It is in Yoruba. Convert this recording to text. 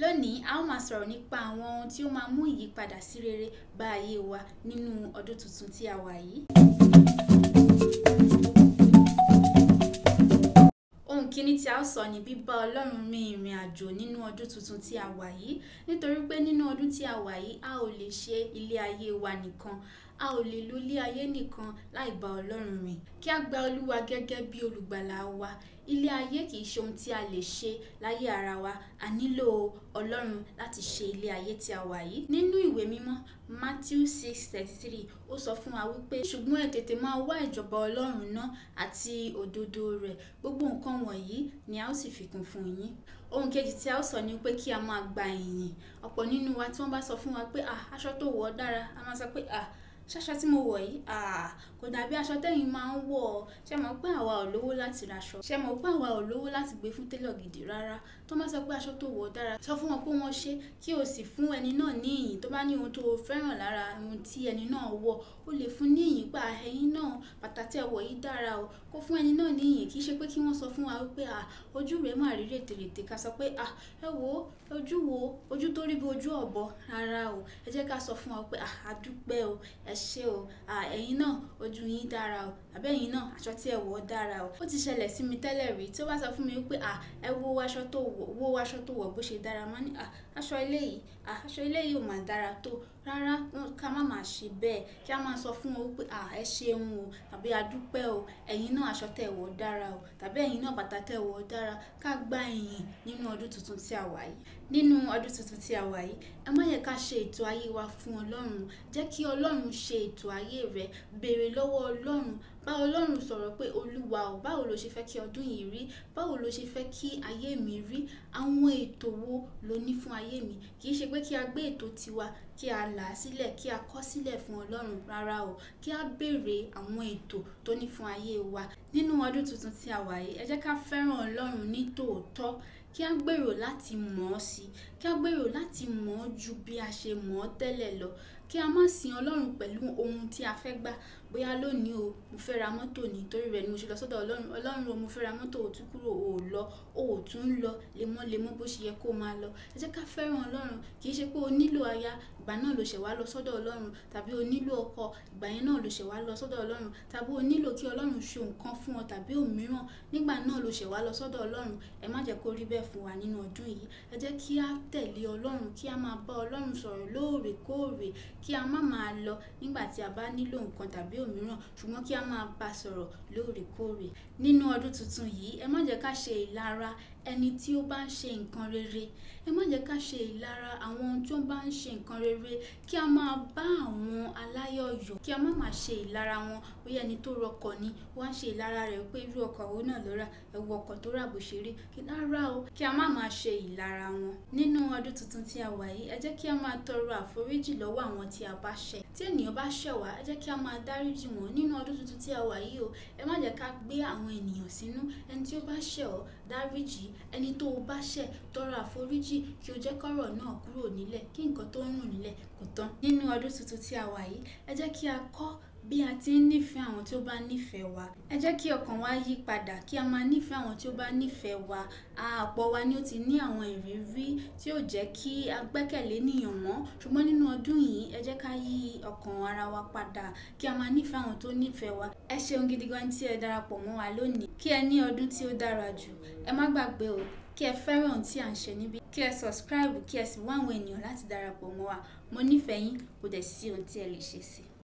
Lónìí, a ó máa sọ̀rọ̀ nípa àwọn ohun tí ó máa mú ìyípadà sí rere bá ayé wa nínú ọdún tuntun tí a wà yìí. Ohun kìíní tí a ó sọ ni bíbá Ọlọ́run rin ìrìn àjò nínú ọdún tuntun tí a wà yìí nítorí pé nínú ọdún tí a wà yìí a ò lè ṣe ilé ayé wa nìkan a ò lè lo ilé ayé nìkan láì bá Ọlọ́run rìn kí a gba Olúwa gẹ́gẹ́ bí olùgbàlà wa ilé ayé kì í ṣe ohun tí a lè ṣe láyé ara wa a nílò Ọlọ́run láti ṣe ilé ayé tí a wà yìí nínú ìwé mímọ́ Matthew six thirty three ó sọ fún wa wípé ṣùgbọ́n ẹ tètè máa wá ìjọba Ọlọ́run náà àti òdodo rẹ̀ gbogbo nǹkan wọ̀nyí ni a ó sì fi kún fún yín ohun kejì tí a ó sọ ni pé kí a máa gba ìyìn ọ̀pọ̀ nínú wa tí wọ́n bá sọ fún wa pé ah aṣọ tó wọ̀ ọ́ dára a máa sọ pé ah ṣaṣọ tí mo wọ̀ yìí kò dàbí aṣọ tẹ́yìn máa ń wọ̀ ọ́ ṣé mo pé àwa ò lówó láti raṣọ ṣé mo pé àwa ò lówó láti gbé fún télọ̀ gidi rárá tó má sọ pé aṣọ tó wọ̀ dára sọ fún wọn pé wọ́n ṣe kí o sì fún ẹni náà ní ìyìn tó bá ní ohun tó fẹ́ràn lára ohun tí ẹni náà wọ̀ o lè fún ní ìyìn pa ẹyin náà bàtà tẹ́ yìí dára o kó fún ẹni náà ní ìyìn kì í ṣe pé kí wọ́n sọ fún wa pé wo ojú wo ojú tó rí bí ojú ọ̀bọ rárá o ẹ jẹ́ ká sọ ẹ ṣé o ẹ̀yin náà ojú yín dára o àbẹ́yìn náà aṣọ tí ẹ wọ̀ dára o ó ti ṣẹlẹ̀ sí mi tẹ́lẹ̀ rí tí ó bá sọ fún mi wípé à ẹ wo aṣọ tó wọ̀ wo aṣọ tó wọ̀ bó ṣe dára máa ní à aṣọ eléyìí à aṣọ eléyìí ò máa dára tó rárá ká má máa ṣe bẹ́ẹ̀ kí a máa sọ fún wọn wípé à ẹ ṣeun o tàbí a dúpẹ́ o ẹ̀yin náà aṣọ tẹ́ wọ̀ dára o tàbí ẹ̀yin náà bàtà tẹ́ wọ̀ dára ká gba ìyìn nínú ọdún tuntun tí a wà yìí nínú ọdún tuntun tí a wà yìí ẹ má yẹ ká ṣe ètò ayé wa fún ọlọ́run jẹ́ kí ọlọ́run ṣe ètò ayé rẹ béèrè lọ́wọ́ ọlọ́run bá ọlọ́run sọ̀rọ̀ pé olúwa o báwo lo ṣe fẹ́ kí ọdún yìí rí báwo lo ṣe fẹ́ kí ayé mi rí àwọn ètò wo lo ní fún ayé mi kì í ṣe pé kí a gbé ètò tiwa kí a là á sílẹ̀ kí a kọ́ sílẹ̀ fún ọlọ́run rárá o kí a béèrè àwọn ètò tó ní fún ayé wa nínú ọdún tuntun tí a wà yìí ẹ jẹ́ ká fẹ́ràn ọlọ́run ní tòótọ́ kí a gbèrò láti mọ̀ ọ́ sí kí a gbèrò láti mọ̀ ọ́ ju bí a ṣe mọ̀ ọ́ tẹ́lẹ̀ lọ kí a má sin ọlọ́run pẹ̀lú ohun tí a fẹ́ gbà bóyá lónìí o mo fẹ́ ra mọ́tò ní torí rẹ̀ ni mo ṣe lọ sọ́dọ̀ ọlọ́run ọlọ́run o mo fẹ́ ra mọ́tò òtún kúrò o ò lọ o ò tún lọ lemọ́lemọ́ bó ṣe yẹ kó máa lọ ẹ jẹ́ ká fẹ́ràn ọlọ́run kì í ṣe pé o nílò aya ìgbà náà ló ṣẹ̀ wá lọ sọ́dọ̀ ọlọ́run tàbí o nílò ọkọ ìgbà yẹn náà ló ṣẹ̀ wá lọ sọ́dọ̀ ọlọ́run tàbí o nílò kí ọlọ́run ṣe nǹkan sílẹ̀ fún wa nínú ọdún yìí ẹ jẹ́ kí a tẹ̀lé ọlọ́run kí a máa bá ọlọ́run sọ̀rọ̀ lóòrèkóòrè kí a má máa lọ nígbà tí a bá nílò nǹkan tàbí òmíràn ṣùgbọ́n kí a máa bá sọ̀rọ̀ lóòrèkóòrè nínú ọdún tuntun yìí ẹ má jẹ́ ká ṣe ìlara ẹni tí ó bá ń ṣe nǹkan rere ẹ má jẹ́ ká ṣe ìlara àwọn tí ó bá ń ṣe nǹkan rere kí a máa bá àwọn lọ́yọ̀ọ́ kí a má máa ṣe ìlara wọn bóyá ẹni tó rọkọ̀ ni wọ́n á ṣe ìlara rẹ̀ pé irú ọkọ̀ òun náà ló rà ẹ̀wù ọkọ̀ tó rà bó ṣe rí kí rárá o kí a má máa ṣe ìlara wọn. nínú ọdún tuntun tí a wà yìí ẹ jẹ́ kí a máa tọrọ àforíjì lọ́wọ́ àwọn tí a bá ṣẹ̀ tí ènìyàn bá ṣẹ̀ wá ẹ jẹ́ kí a máa dáríjì wọ́n nínú ọdún tuntun tí a wà yìí o ẹ má jẹ́ ká gbé àwọn ènìyàn sínú ẹni tí ó bá ṣẹ̀ ọ́ dáríjì ẹni tó o bá ṣẹ̀ tọrọ àforíjì kí o jẹ́ kọ́rọ̀ náà kúrò nílẹ̀ kí nǹkan tó ń rùn nílẹ̀ kò tán nínú ọdún tuntun tí a wà yìí ẹ jẹ́ kí a kọ́ bí a ti ń nífẹ̀ẹ́ àwọn tí ó bá nífẹ̀ẹ́ wa ẹ jẹ́ kí ọkàn wa yí padà kí a máa nífẹ̀ẹ́ àwọn tí ó bá nífẹ̀ẹ́ wa àpọ̀ wa ni ó ti ní àwọn ìrírí tí ó jẹ́ kí a gbẹ́kẹ̀lé nìyàn mọ́ ṣùgbọ́n nínú ọdún yìí ẹ jẹ́ ká yí ọkàn ara wa padà kí a máa nífẹ̀ẹ́ àwọn tó nífẹ̀ẹ́ wa ẹ ṣeun gidi gan tí ẹ darapọ̀ mọ́ wa lónìí kí ẹ ní ọdún tí ó dára jù ẹ má gbàgbé o kí ẹ fẹ́ràn tí à ń ṣe níbí kí ẹ subscribe kí ẹ sì wá àwọn ènìyàn láti darapọ̀ mọ́ wa mo nífẹ̀ẹ́ yín kò dẹ̀ sí ohun tí ẹ lè ṣe sí i